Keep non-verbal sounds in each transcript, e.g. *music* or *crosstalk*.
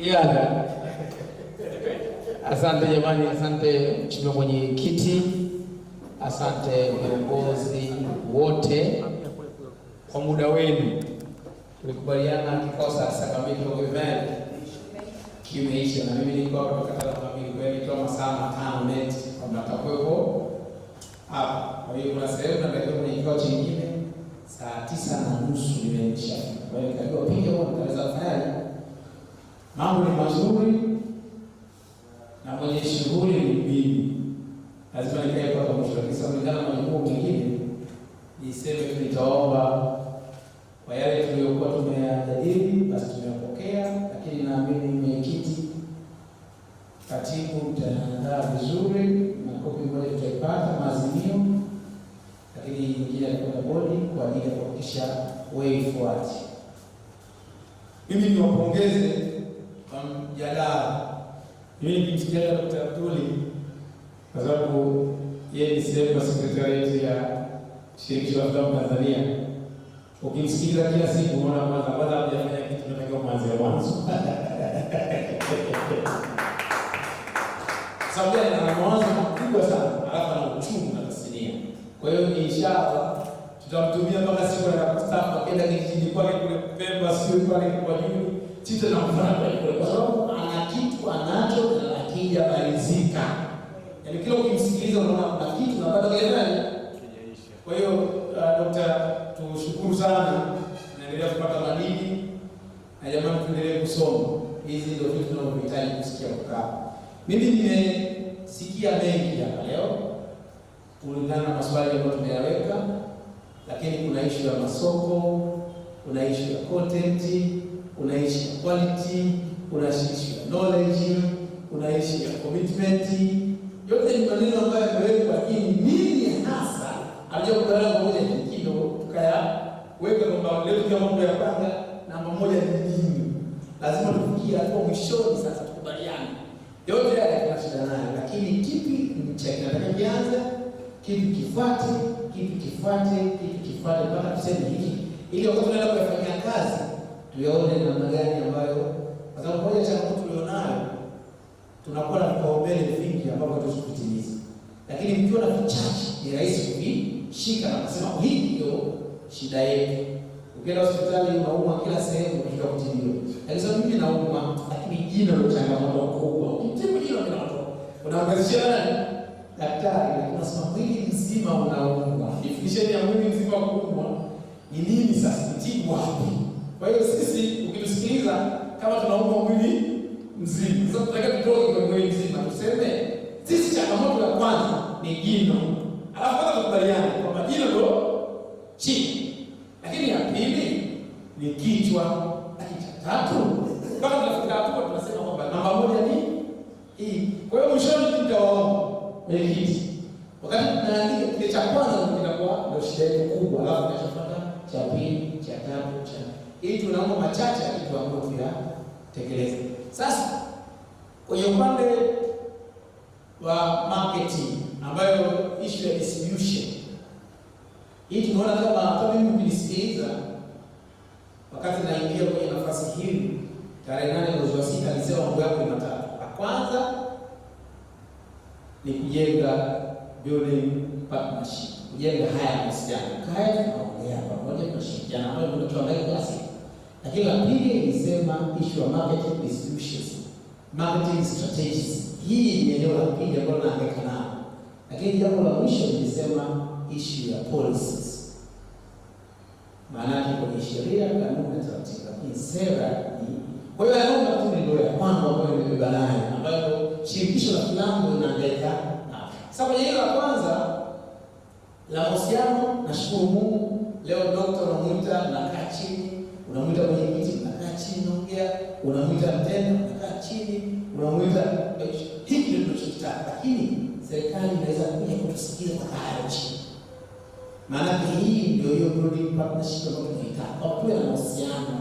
Yala. Asante jamani, asante mheshimiwa kiti, asante viongozi wote kwa muda wenu. Tulikubaliana kikao saa saba kamili kimeisha, na mimi nilikuwa hapa toka tatu kamili, kwa masaa matano net kwamba atakuwepo hapa. Kwa hiyo kuna sehemu natakiwa kwenye kikao chingine saa tisa na nusu nimeshafika, kwa hiyo nitakiwa piga, nitaweza kufanyaje Mambo ni mazuri na mwenye shughuli ni mimi, lazima nikae mpaka mwisho, lakini kulingana na majukumu mengine niseme nitaomba kwa yale tuliyokuwa tumeyajadili, basi tumepokea, lakini naamini mwenyekiti, katibu, mtaandaa vizuri na kopi moja tutaipata maazimio, lakini nyingine alikwenda bodi kwa ajili ya kuhakikisha weifuati. Mimi niwapongeze mjadala. Mimi nikimsikia Dkt. Abduli kwa sababu yeye ni sehemu ya sekretarieti ya shirikisho la filamu Tanzania. Ukimsikiliza kila siku unaona kwanza kwanza hajafanya kitu, tunatakiwa kuanzia mwanzo *laughs* sababu ana mawazo makubwa sana, alafu ana uchungu na tasnia. Kwa hiyo ni ishara tutamtumia mpaka siku ya kustafu, akienda kijijini kwake kule Pemba, sio pale kwa juu Tito na mfano kwa kule, kwa sababu ana kitu anacho na akija malizika, yaani kila ukimsikiliza unaona kuna kitu na kile ndani Kwa hiyo uh, Dr. tushukuru sana, tunaendelea kupata madini na jamani, tuendelee kusoma. Hizi ndio vitu tunavyohitaji kusikia kukaa. Mimi nimesikia mengi hapa leo kulingana na maswali ambayo tumeyaweka lakini kuna ishu ya masoko, kuna ishu ya content, kuna ishu ya quality, kuna ishu ya knowledge, kuna ishu ya commitment. Yote ni maneno ambayo yamewekwa, lakini nini hasa aliyokuala pamoja kikido tukayaweka kwamba leo kwa mambo ya kwanza namba moja ni dini. Lazima tufikie hapo mwishoni, sasa tukubaliane yote haya tuna shida nayo, lakini kipi cha kinataka kianze kitu kifuate, kitu kifuate, kitu kifuate, mpaka tuseme hiki, ili wakati tunaenda kufanya kazi tuyaone namna gani ambayo, kwa sababu moja changamoto tulionayo, tunakuwa na vipaumbele vingi ambavyo hatuwezi kuvitimiza, lakini mkiwa na vichache ni rahisi kuvishika na kusema hii ndio shida yetu. Ukienda hospitali unauma kila sehemu, ukifika kutibiwa, lakini sasa mimi nauma, lakini jina ndio changamoto kubwa, ukitibu jino linatoka, unaangazia nani daktari, anasema mwili mzima unaumwa. Definition ya mwili mzima kuumwa ni nini? Sasa tibu wapi? Kwa hiyo sisi ukitusikiliza kama tunaumwa mwili mzima, sasa tunataka tutoke kwa mwili mzima, tuseme sisi changamoto ya kwanza ni jino, alafu kwanza tukubaliana kwamba jino ndo chini, lakini ya pili ni kichwa, lakini cha tatu mwenyekiti. Wakati tunaandika kile cha kwanza kitakuwa ndio shida yetu kubwa, alafu tunashafata cha pili, cha tatu, cha ili tunaomba machache kitu ambayo tuyatekeleza. Sasa kwenye upande wa marketing ambayo issue ya distribution hii tunaona kama hata mimi nilisikiliza wakati naingia kwenye nafasi hii tarehe nane mwezi wa sita, alisema mambo yako matatu. La kwanza ni kujenga building partnership, kujenga haya mahusiano. kae tunaongea pamoja, tunashirikiana ambayo ndio tuandae klasi. Lakini la pili ilisema issue ya marketing distributions, marketing strategies. Hii ni eneo la pili ambalo naangaika nao. Lakini jambo la mwisho nilisema issue ya policies, maana yake kwenye sheria, kanuni na taratibu, lakini sera ni kwa hiyo, yangu matumi ndio ya kwanza ambayo nimebeba nayo ambayo shirikisho la filamu linaangaika nao. Sasa kwenye hilo la kwanza la mahusiano, nashukuru Mungu leo dokta unamwita, unakaa chini, unamwita mwenyekiti, unakaa chini, naongea, unamwita mtenda, unakaa chini, unamwita hiki ndio tunachokitaka, lakini serikali inaweza kuja kutusikia kwa hayo chini. Maanake hii ndio hiyo building partnership ambayo tunaitaka, kwa kuwa na mahusiano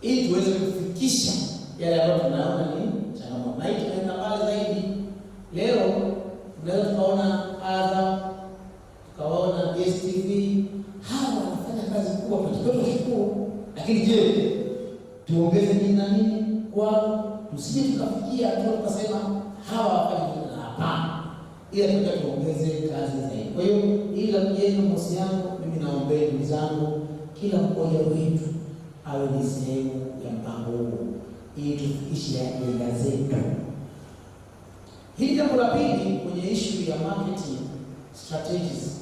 ili tuweze kufikisha yale ambayo tunaona ni changamoto. Na hii mbali zaidi, leo tunaweza tukaona adha, tukaona DSTV, hawa wanafanya kazi kubwa kwenye shukuru, lakini je, tuongeze nini na nini kwao? Tusije tukafikia hatua tukasema hawa hawafanyi na hapana, ila tunataka tuongeze kazi zaidi. Kwa hiyo ili la kujenga mahusiano, mimi naombea ndugu zangu, kila mmoja wetu awe ni sehemu ya mpango huu ili tufikishe ajenda zetu. Hili jambo la pili kwenye ishu ya marketing strategies,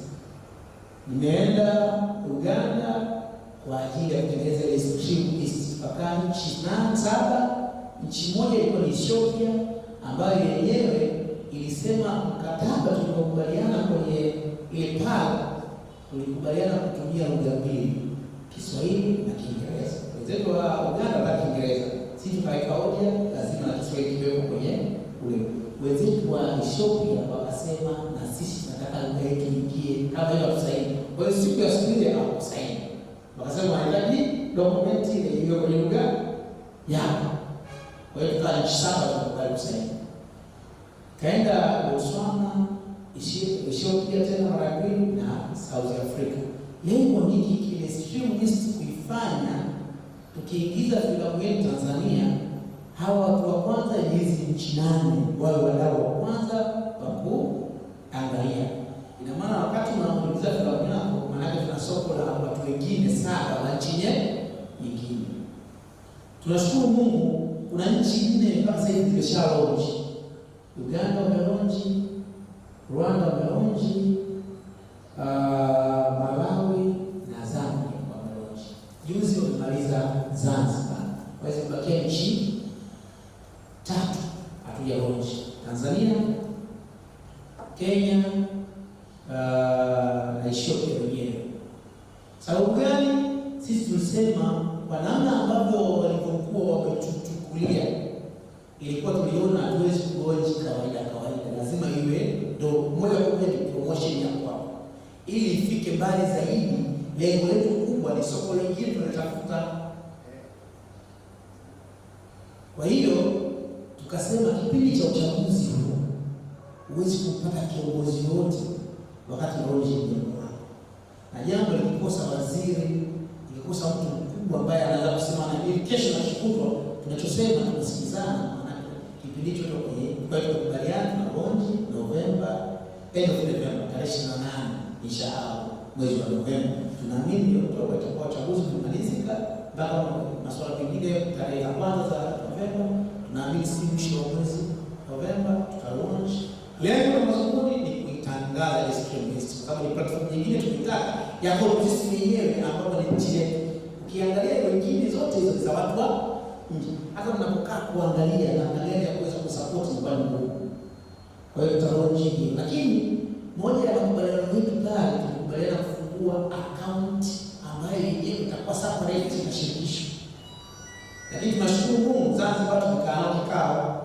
nimeenda Uganda kwa ajili ya kutengeneza ile Extreme East, mpaka nchi saba. Nchi moja ilikuwa ni Ethiopia ambayo yenyewe ilisema mkataba tulipokubaliana kwenye ile pale, tulikubaliana kutumia lugha mbili, Kiswahili na Kiingereza. Wenzetu wa Uganda na Kiingereza sisi tukaweka hoja lazima na Kiswahili kiwepo kwenye ule wenzetu wa Ethiopia wakasema, na sisi nataka lugha yetu ingie kama ile ya Kiswahili. Kwa hiyo siku ya siku ile hawakusaini, wakasema wanahitaji dokumenti ile iwe kwenye lugha yao. Kwa hiyo tukaa nchi saba tukakubali kusaini, kaenda Botswana, Ethiopia tena mara mbili na South Africa. Lengo nini kile extremist kuifanya tukiingiza filamu yetu Tanzania, hawa watu wa kwanza hizi nchi nane, wawe wadau wa kwanza wa kuangalia. Ina maana wakati unaongeza filamu yako, maanake tuna soko la watu wengine saba wa nchi nyingine. Tunashukuru Mungu, kuna nchi nne mpaka sasa hivi zimeshalonji. Uganda wamelonji, Rwanda wamelonji uh, ah, Zanzibar waweze kubakia nchi tatu hatujaonja: Tanzania, Kenya uh, na Ethiopia wenyewe. Sababu gani? Sisi tulisema kwa namna ambavyo walivyokuwa wametuchukulia, ilikuwa tuliona hatuwezi kuonja kawaida kawaida, lazima iwe ndo moja kwa moja promotion ya kwao, ili ifike mbali zaidi. Lengo letu kubwa ni soko lingine tunatafuta kwa hiyo tukasema kipindi cha uchaguzi huo huwezi kupata kiongozi wote wakati unaonesha jambo lako, na jambo likikosa waziri, likikosa mtu mkubwa ambaye anaweza kusema na mimi kesho na shukuru tunachosema na kusikizana, tunasikizana. Kipindi hicho ndio kwa hiyo kubaliana na Bonji Novemba, endo of November tarehe 28 na inshallah mwezi wa Novemba, tunaamini kwa itakuwa uchaguzi umemalizika, mpaka masuala mengine tarehe ya kwanza Novemba, na si mwisho wa mwezi Novemba tutalaunch. Lengo la mazunguni ni kuitangaza kwa kama ni platform nyingine tukitaka ya sisi yenyewe ambapo ni nchi yetu. Ukiangalia wengine zote hizo za watu wa nje, hata mnapokaa kuangalia na gani ya kuweza kusapoti nyumbani huko. Kwa hiyo tutalaunch hii, lakini moja ya makubaliano yetu pale tulikubaliana kufungua account ambayo yenyewe itakuwa separate na shirikisho lakini tunashukuru Mungu, Zanzibar tumekaa nao kikao,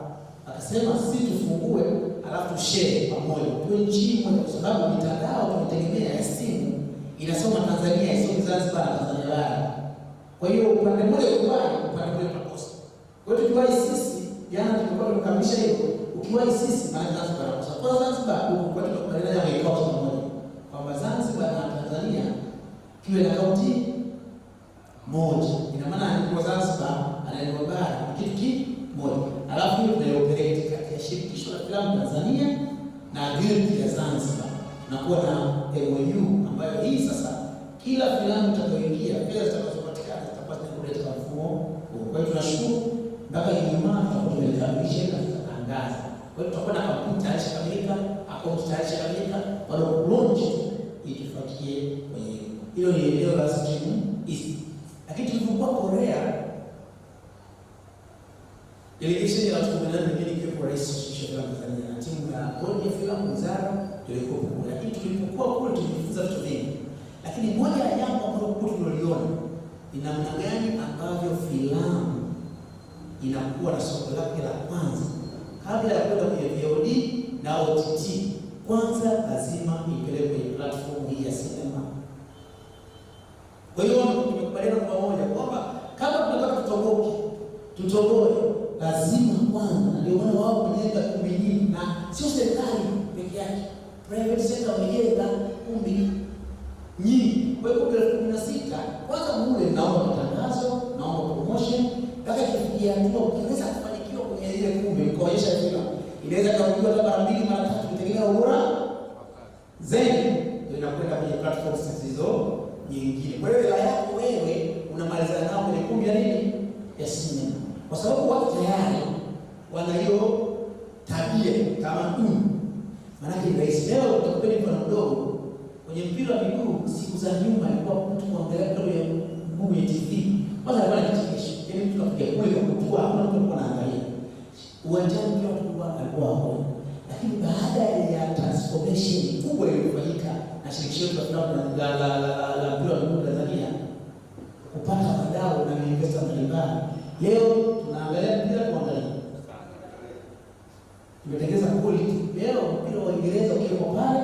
akasema sisi tufungue, alafu share pamoja, tuwe nchi moja, kwa sababu mitandao tunategemea ya simu inasoma Tanzania, isomi Zanzibar na Tanzania bara. Kwa hiyo upande mmoja ukubali, upande mmoja tunakosa. Kwa hiyo tukiwahi sisi, jana tulikuwa tumekamilisha hiyo, ukiwahi sisi maana Zanzibar nakosa. Kwa Zanzibar kwa tunakubaliana na kikao pamoja kwamba Zanzibar na Tanzania kiwe na kaunti moja na bara kitu kimoja, alafu hiyo kati ya shirikisho la filamu Tanzania na guild ya Zanzibar, tunakuwa na MOU ambayo hii sasa kila filamu itakayoingia pesa zitakazopatikana zitakuwa zinakuletea mfumo huo. Kwa hiyo tunashukuru mpaka Ijumaa tutakuwa tumekamilisha katika tangazo. Kwa hiyo tutakuwa na kampuni tayari kamilika, akaunti tayari kamilika, bado kulonji itufuatie kwenye hilo. Hilo ni eneo la Stream East, lakini tulivyokuwa Korea Delegation ya watu kumi na nne mimi rais wa shirikisho la Tanzania na timu ya Bodi ya Filamu Wizara tulikuwa pamoja, lakini tulipokuwa kule tulijifunza vitu vingi, lakini moja ya jambo ambalo kuu tunaliona ni namna gani ambavyo filamu inakuwa na soko lake la kwanza kabla ya kwenda kwenye VOD na OTT. Kwanza lazima ipelekwe kwenye platform hii ya sinema sio serikali peke yake, private sector wamejenga kumbi nyingi. Kwa hiyo elfu kumi na sita kwanza mule, naomba matangazo, naomba promotion mpaka kifikia hatua, ukiweza kufanikiwa kwenye ile kumbi ukaonyesha hilo, inaweza kauliwa hata mara mbili mara tatu, kutegemea ubora zaidi, ndio inakwenda kwenye platforms zilizo nyingine. Kwa hiyo hela yako wewe unamaliza nao kwenye kumbi ya nini ya sinema, kwa sababu watu tayari wana hiyo tabia, tamaduni. Maanake ni Leo nitakupeni mfano mdogo. Kwenye mpira wa miguu, siku za nyuma ilikuwa mtu kuangalia kando ya mguu ya TV, kwanza alikuwa anakichekesha, yaani mtu kapiga kule kakutua, hakuna mtu alikuwa anaangalia uwanjani, kila mtu alikuwa hapo. Lakini baada ya transformation kubwa iliyofanyika na shirikisho la filamu la la la mpira wa miguu Tanzania kupata wadau na investor mbalimbali, leo tunaangalia mpira kwa umetengeza quality. Leo mpira wa Uingereza ukiwa pale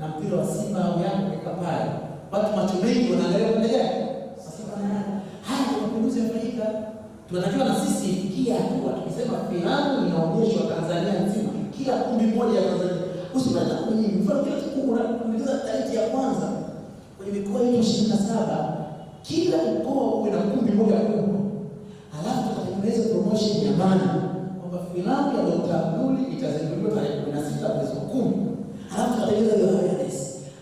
na mpira wa Simba au Yanga ukiweka pale, watu macho mengi wanaangalia pande gani? Sasa bana, haya mapinduzi yafanyika, tunatakiwa na sisi kia hatua tukisema filamu inaonyeshwa Tanzania nzima, kila kumi moja ya Tanzania usipata kwenye mfano kila kikubwa na kuingiza tarehe ya kwanza kwenye mikoa yetu 27 kila mkoa uwe na kumi moja kubwa, alafu tutatengeneza promotion ya bana kwamba filamu ya Dr. Abduli itazinduliwa tarehe kumi na sita mwezi wa kumi, halafu tukatengeneza hiyo awareness,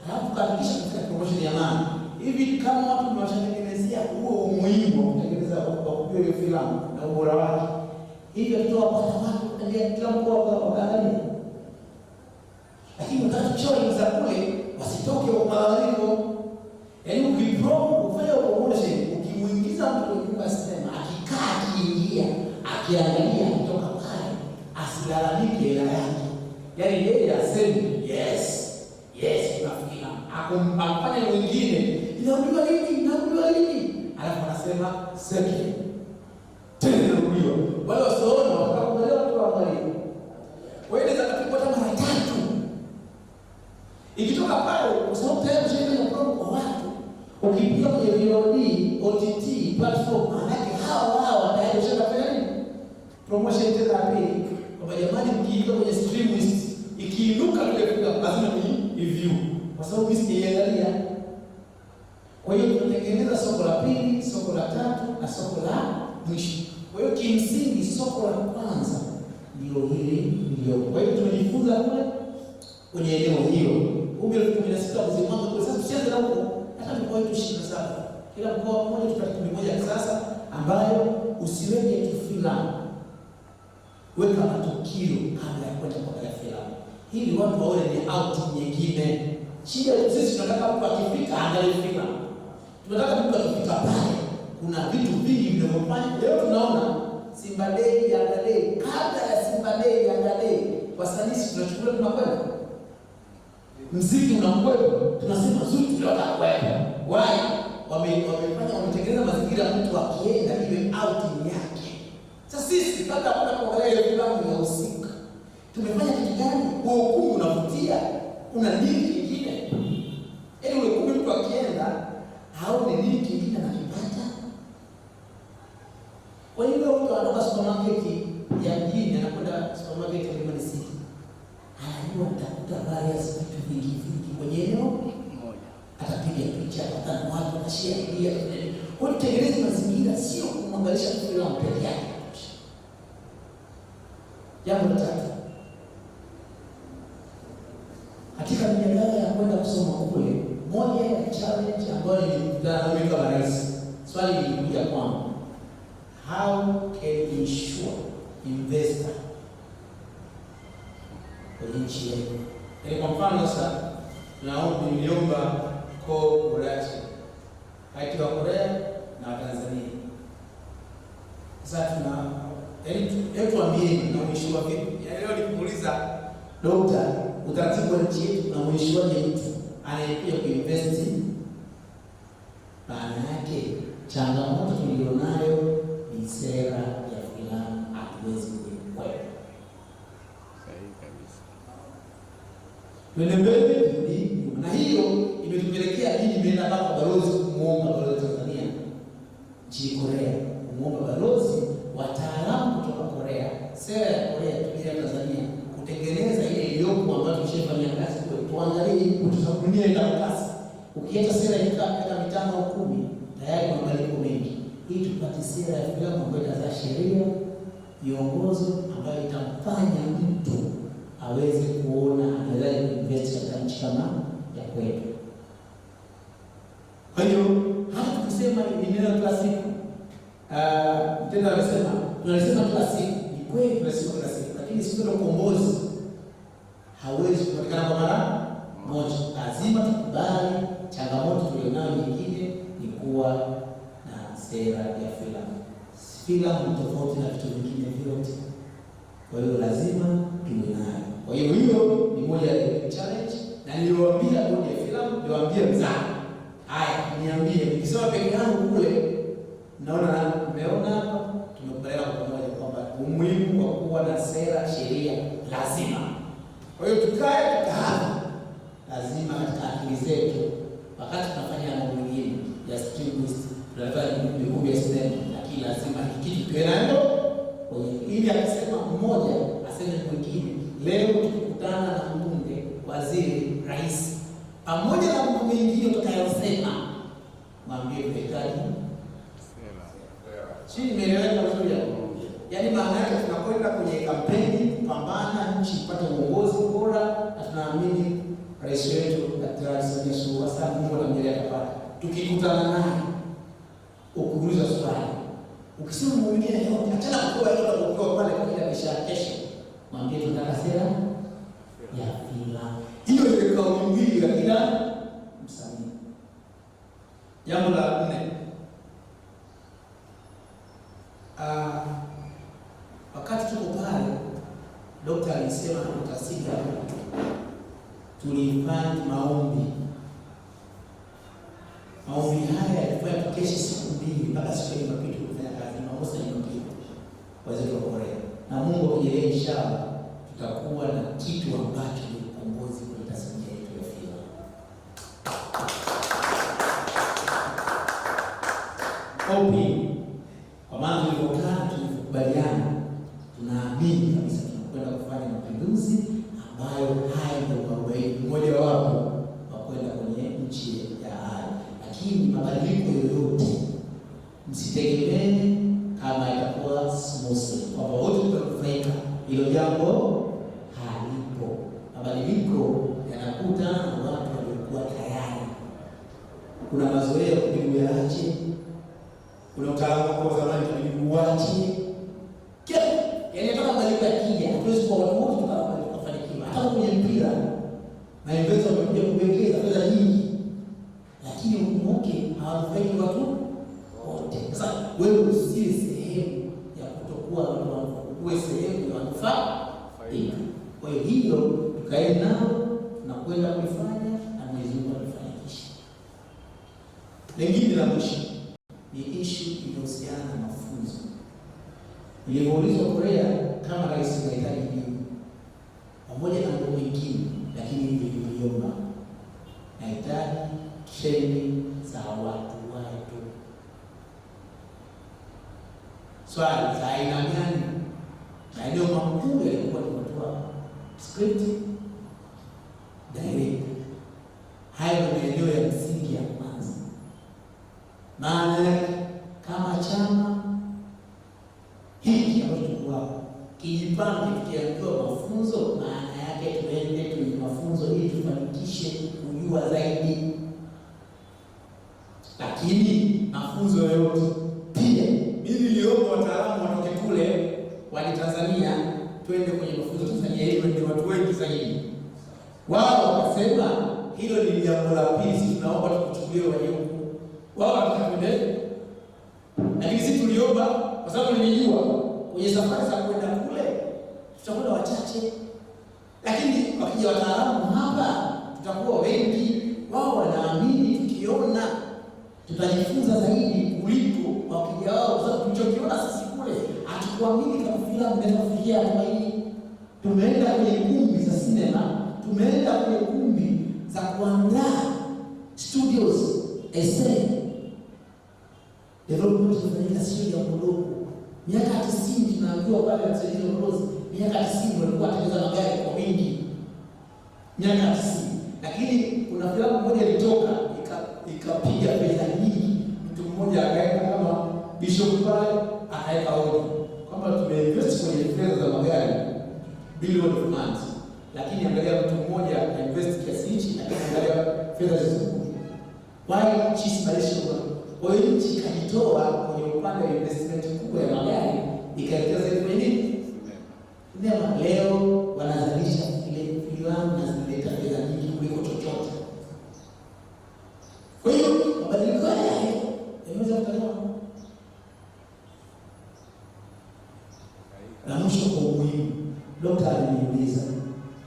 alafu tukafikisha katika promotion ya nani hivi. Kama watu tunawashatengenezea huo umuhimu wa kutengeneza kwa kujua hiyo filamu na ubora wake, hivi tutawapata watu kuangalia kila mkoa wa Tanzania, lakini wakati choi za kule wasitoke kwa malalamiko, yaani ukipromo kufanya promotion, ukimuingiza mtu kwa nyumba sinema, akikaa akiingia akiangalia Yaani yeye asemi yes yes, unafikira akumfanya mwingine inarudiwa lini, inarudiwa lini, alafu anasema seki tena inarudiwa. Wale wasoona wakakuelewa tu, waangalie wewe, inaweza kupata mara tatu ikitoka pale, kwa sababu tayari shirika ni kwa watu. Ukipiga kwenye VOD, OTT platform, maanake hawa hawa tayari shirika promotion tena ya pili, kwa jamani, mkiingia kwenye stream sababu mimi sijaiangalia. Kwa hiyo tunatengeneza soko la pili, soko la tatu na soko la mwisho. Kwa hiyo kimsingi soko la kwanza ndio hili ndio. Kwa hiyo tumejifunza kule kwenye eneo hilo huko elfu kumi na sita kwa sasa, tusianze na huko, hata mkoa wetu ishirini na saba kila mkoa mmoja tupate kumi moja kisasa ambayo usiweke tu fulani, weka matukio kabla ya kwenda kuangalia filamu, ili watu waone ni out nyingine. Shida sisi tunataka mtu akifika angalifika, tunataka mtu akifika pale, kuna vitu vingi vinavyofanya leo. Tunaona Simba Day yaangalie, kabla ya Simba Day yaangalie, wasanii tunachukua tunakwenda mziki unakwepo, tunasema zuri tunataka kwenda. Why? Wame Wamefanya wametengeneza mazingira mtu akienda iwe outing yake. Sasa sisi baada ya kuangalia ile filamu ya husika tumefanya kitu gani? Huo hukumu unavutia una nini? kingine, yaani ule kumbi mtu akienda haone nini kingine anakipata. Kwa hiyo mtu anatoka supermarket ya mjini anakwenda supermarket ya Mlimani City, anajua atakuta various vitu vingi vingi kwenye eneo moja, atapiga picha, atatana watu, atashia idea. Kwa hiyo tengeneza mazingira, sio kumwangalisha mtu yule peke yake. Jambo la tatu mlalamika wa rais. Swali lilikuja kwangu, how can ensure investor kwenye nchi yetu? Yaani kwa mfano sasa, naomba niliomba kooperative kati wa Korea na Watanzania. Sasa tuna yaani, tuambieni tunamwishua vipi? Yaani leo nikuuliza dokta, utaratibu wa nchi yetu tunamwishuaje mtu anayekuja kuinvesti maana yake changamoto tulionayo ni sera ya filamu, hatuwezi kuikwepa. Twende mbele na hiyo imetupelekea hii, imeenda mpaka balozi kumwomba balozi wa Tanzania nchini Korea, kumwomba balozi wataalamu kutoka Korea, sera ya Korea tulia Tanzania kutengeneza ile iliyopo ambayo tushafanyia kazi, tuangalie tusaunia Ukienda sera ya miaka mitano au kumi, tayari kuna mabadiliko mengi, Hii tupate sera ya filamu ambayo itazaa sheria viongozo ambayo itamfanya mtu aweze kuona anaweza kuinvest katika nchi kama ya kwetu. Kwa hiyo hata tukisema ni neno kila siku, ah, tena, anasema tunalisema kila siku, ni kweli tunasema kila siku, lakini siku ya ukombozi hawezi kupatikana kwa mara moja. Lazima tukubali changamoto tulionayo nyingine ni kuwa na sera ya filamu. Filamu tofauti na vitu vingine vyote, kwa hiyo lazima tuwe nayo. Kwa hiyo hiyo ni moja ya challenge, na niliwaambia bodi ya filamu, niliwaambia mzani, haya niambie, nikisema peke yangu kule, naona mmeona hapa tumekubaliana kwa pamoja kwamba umuhimu wa kuwa na sera, sheria lazima. Kwa hiyo tukae tukaa lazima katika akili zetu wakati tunafanya mambo mengine ya stimulus boost, tunaweka jumbe sema, lakini lazima hiki kiwe nalo ili akisema mmoja aseme mwingine. Leo tukikutana na mbunge, waziri, rais pamoja na mambo mengine utakayosema, mwambie mhitaji chini. Imeeleweka vizuri ya Yaani maana yake tunakwenda kwenye kampeni kupambana nchi ipate uongozi bora, na tunaamini rais wetu Daktari Samia Suluhu Hassan Mungu anamjalia pale. Tukikutana naye ukuuliza swali. Ukisema mwingine leo achana kuwa leo kwa pale kwa kila kesho. Mwambie tunataka sera ya fila. Hiyo ndio kauli mbili ya kila msanii. Jambo la nne tunapotaka tukubaliana, tunaamini kabisa tunakwenda kufanya mapinduzi ambayo haya ndio mwarobaini mmoja wapo wa kwenda kwenye nchi ya haya. Lakini mabadiliko yoyote msitegemee kama itakuwa smoothly kwamba wote tutanufaika, hilo jambo halipo. Mabadiliko yanakuta na watu waliokuwa tayari. Kuna mazoea ya kuyaje, kuna utaalamu kwa zamani watie kila yani, hata mabadiliko yakija, hatuwezi kuwa watu wote tukafanikiwa. Hata kwenye mpira mainvesta wamekuja kuwekeza fedha nyingi, lakini ukumbuke hawanufaiki watu wote. Sasa wewe usiwe sehemu ya kutokuwa uwe sehemu ya wanufaika. Kwa hiyo hilo tukae nao na kwenda kuifanya na Mwenyezi Mungu atufanikishe. Lengine la mwisho Nilimuuliza Korea kama rais anahitaji jibu pamoja na mambo mengine, lakini nilivyoliomba nahitaji treni za watu watu. Swali za aina gani? Na ndio makubwa yalikuwa ni kutoa script lakini mafunzo yote pia. Mimi niliomba wataalamu watoke kule wali Tanzania, twende kwenye mafunzo Tanzania, hilo ndio watu wengi zaidi. Wao wakasema hilo ni jambo la pili, sisi tunaomba tukuchukulie wenye huku, wao watakwende, lakini sisi tuliomba, kwa sababu nilijua kwenye safari za kwenda kule tutakwenda wachache, lakini wakija wataalamu hapa tutakuwa wengi. Wao wanaamini tukiona tutajifunza zaidi kuliko wakija wao, kwa sababu tulichokiona sisi kule hatukuamini kama filamu inafikia kama hii. Tumeenda kwenye kumbi za sinema, tumeenda kwenye kumbi za kuandaa studios ese development inafanyika, sio ya mdogo. Miaka 90 tunaambiwa pale na sisi viongozi, miaka 90 walikuwa watengeneza magari kwa wingi, miaka 90, lakini kuna filamu moja tukapiga pesa hii, Mtu mmoja akaenda kama Bishop pale akaweka hoja kwamba tumeinvest kwenye fedha za magari bilioni fulani, lakini angalia mtu mmoja akainvest kiasi hichi, lakini angalia fedha zilizokuja. Why nchi sibadilishe? Kwa hiyo nchi ikajitoa kwenye upande wa investment kubwa ya magari ikawekeza kwenye nini? Ndio Leo wanazalisha ile filamu na zinaleta fedha nyingi kuliko chochote mwisho kwa umuhimu, dokta aliniuliza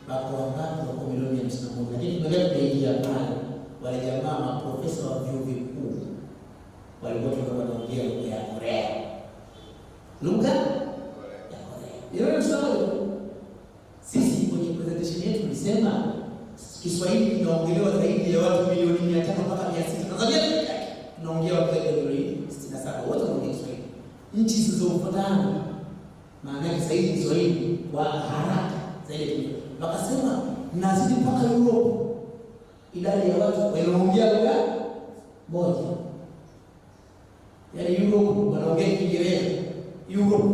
wako wangapi wako milioni hamsini na moja lakini tunalia tunaingia pale, wale jamaa maprofesa wa vyuo vikuu walikuwa tuka wanaongea lugha ya Korea, lugha ya Korea iyosauri. Sisi kwenye presentation yetu tulisema Kiswahili kinaongelewa zaidi ya watu milioni mia tano mpaka mia sita Tanzania tunaongea watu zaidi ya milioni sitini na saba wote wanaongea Kiswahili, nchi zilizofuatana maana yake sasa hivi Kiswahili kwa haraka zaidi, wakasema nazidi mpaka Europe, idadi ya watu wanaongea lugha moja, yaani Europe wanaongea Kiingereza Europe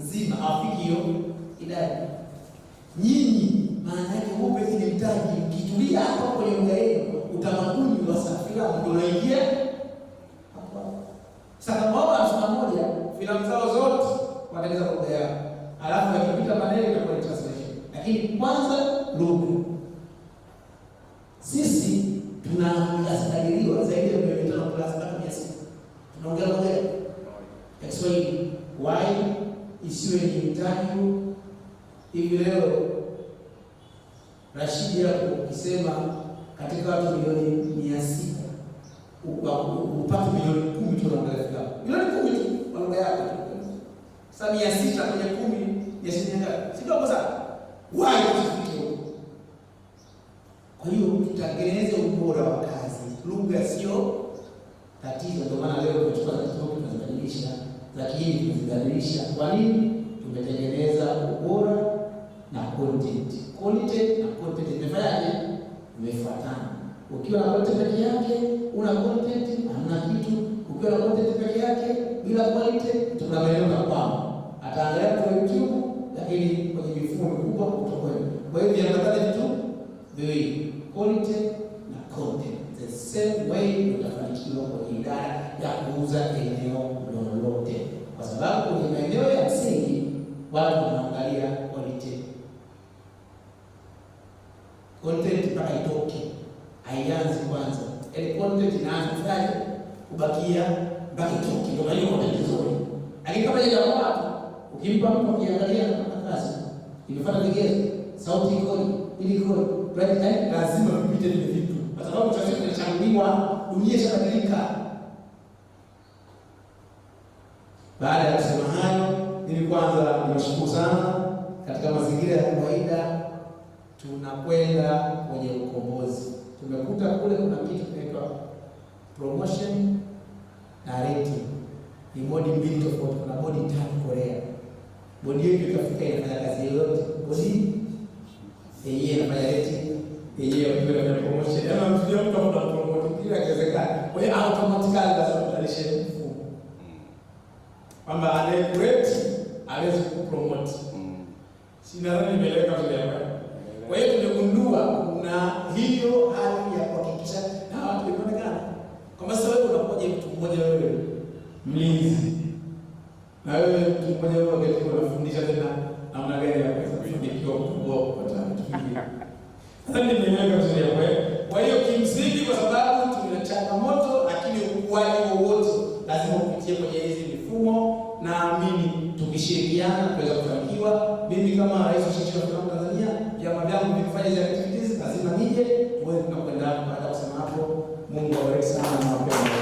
nzima, afiki hiyo idadi. Nyinyi maana yake huko ni mtaji, ukitulia hapa kwenye lugha yenu, utamaduni wa safira ndio unaingia hapo. Sasa wao anasema moja, filamu zao zote watengeneza lugha yao, alafu yakipita maneno itakuwa ni translation. Lakini kwanza lugha, sisi tuna tunakadiriwa zaidi ya milioni tano plus mpaka mia sita tunaongea lugha ya Kiswahili wai isiwe ni mtaju hivi leo Rashidi hapo ukisema katika watu milioni mia sita upate milioni kumi tu wanaongelea Kiarabu milioni sasa mia sita kwenye kumi ya shilingi ngapi? Si ndogo sana. Wai tufikie. Kwa hiyo tutengeneze ubora wa kazi. Lugha sio tatizo, ndio maana leo tunachukua tatizo tunazibadilisha, lakini tunazibadilisha kwa nini? Tumetengeneza ubora na content. Content na content zimefanyaje? Zimefuatana. Ukiwa na content pekee yake, una content hamna kitu. Ukiwa na content pekee yake bila quality, tunaelewa kwamba ataangalia kwa YouTube, lakini kwenye mifumo mikubwa kutoka. Kwa hiyo viambatane vitu viwili, quality na content, the same way utafanikiwa kwenye idara ya kuuza eneo lolote, kwa sababu kwenye maeneo ya msingi watu wanaangalia quality content mpaka itoke, haianzi kwanza. Ile yaani content inaanza kubakia mpaka itoke, ndio maana iko vizuri, lakini kama ile ya watu Ukimpa mtu akiangalia karatasi, imefuata vigezo, sauti ikoni, ili ikoni, right time lazima vipite vile vitu. Kwa sababu sasa tunachangiwa dunia ishabadilika. Baada ya kusema hayo, mimi kwanza nimeshukuru sana katika mazingira ya kawaida tunakwenda kwenye ukombozi. Tumekuta kule kuna kitu kinaitwa promotion na rating. Ni bodi mbili tofauti, kuna bodi tatu Korea. Bodi yetu itafika inafanya kazi yoyote, bodi leti na promotion, yaani mtu Kwa hiyo automatically mfumo kwamba aweze Si vile hapa. Kwa hiyo tumegundua kuna hiyo hali ya kuhakikisha na watu wanaonekana, kwa sababu unakuja mtu mmoja wewe mlinzi mmoja wao wakati unafundisha tena namna gani ya kuweza kufanikiwa kutungua kupata akili. Sasa nimeiweka vizuri hapo. Kwa hiyo kimsingi, kwa sababu tuna changamoto, lakini ukuaji wowote lazima upitie kwenye hizi mifumo. Naamini tukishirikiana tunaweza kufanikiwa. Mimi kama rais wa shirikisho la Tanzania, vyama vyangu vikifanya hizi activities lazima nije tuweze tunakwenda baada ya kusema hapo. Mungu awabariki sana na wapenda